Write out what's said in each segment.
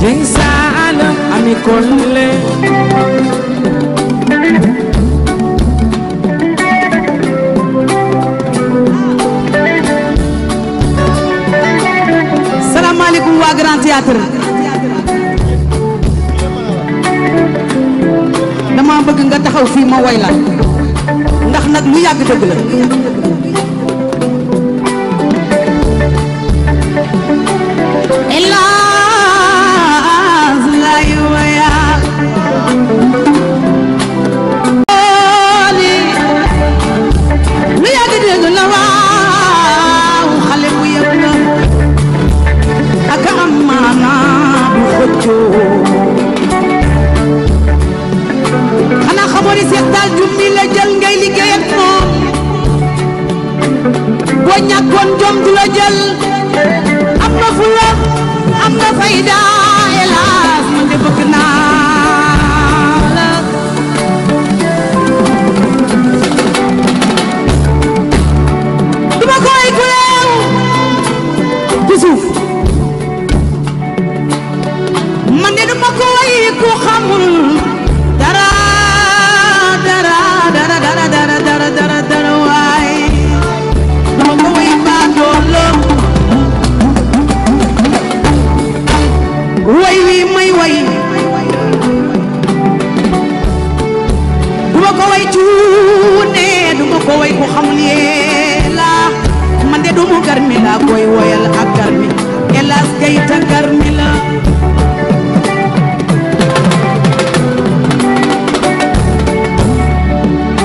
jeng saalam ami kolle salaamaaleykum waa Grand Théâtre dama bëgg nga taxaw fi ma way la ndax nag lu yàgg dëgg la ñàkkoon jom du am na fulla am na fayda ko way cuune du ma ko way ko xamul yee la man de doomu garmi laa koy woyal ak garmi hélas gayta garmi la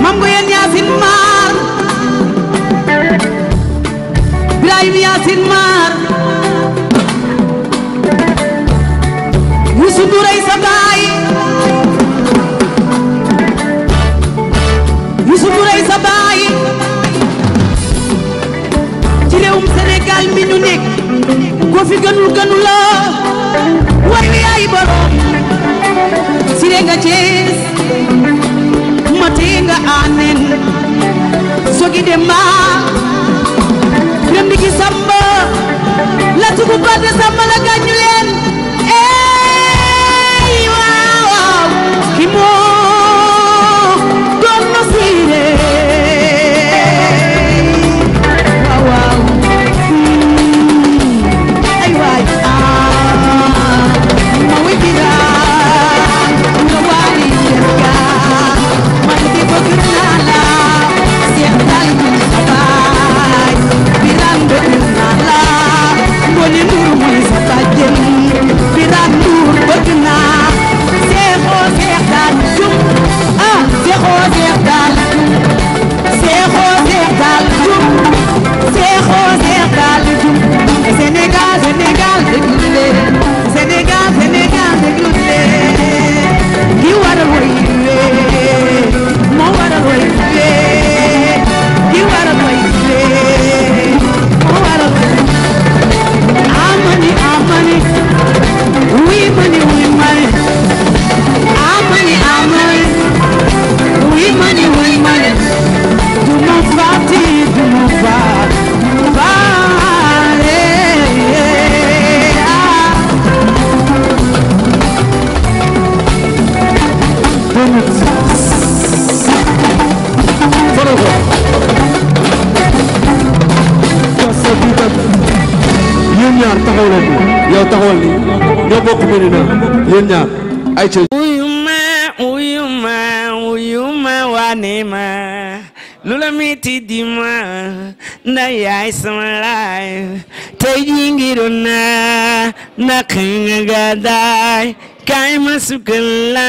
mam go yen yaasin maar birahim yaasin maar yusu duray sa réewum Sénégal mi ñu nekk ko fi gënul gënu la waaye yaay borom sire nga Cees mate nga anen sogi dem ba rem samba la tugu badda samba la ñoo taxawal li ñoo bokk Medina yéen ñaar ay ci uyuma uyuma uyuma wane ma lu la ti di ma nda yaay sama tey ji ngiroon naa naq nga gàddaay kaay ma sukkal la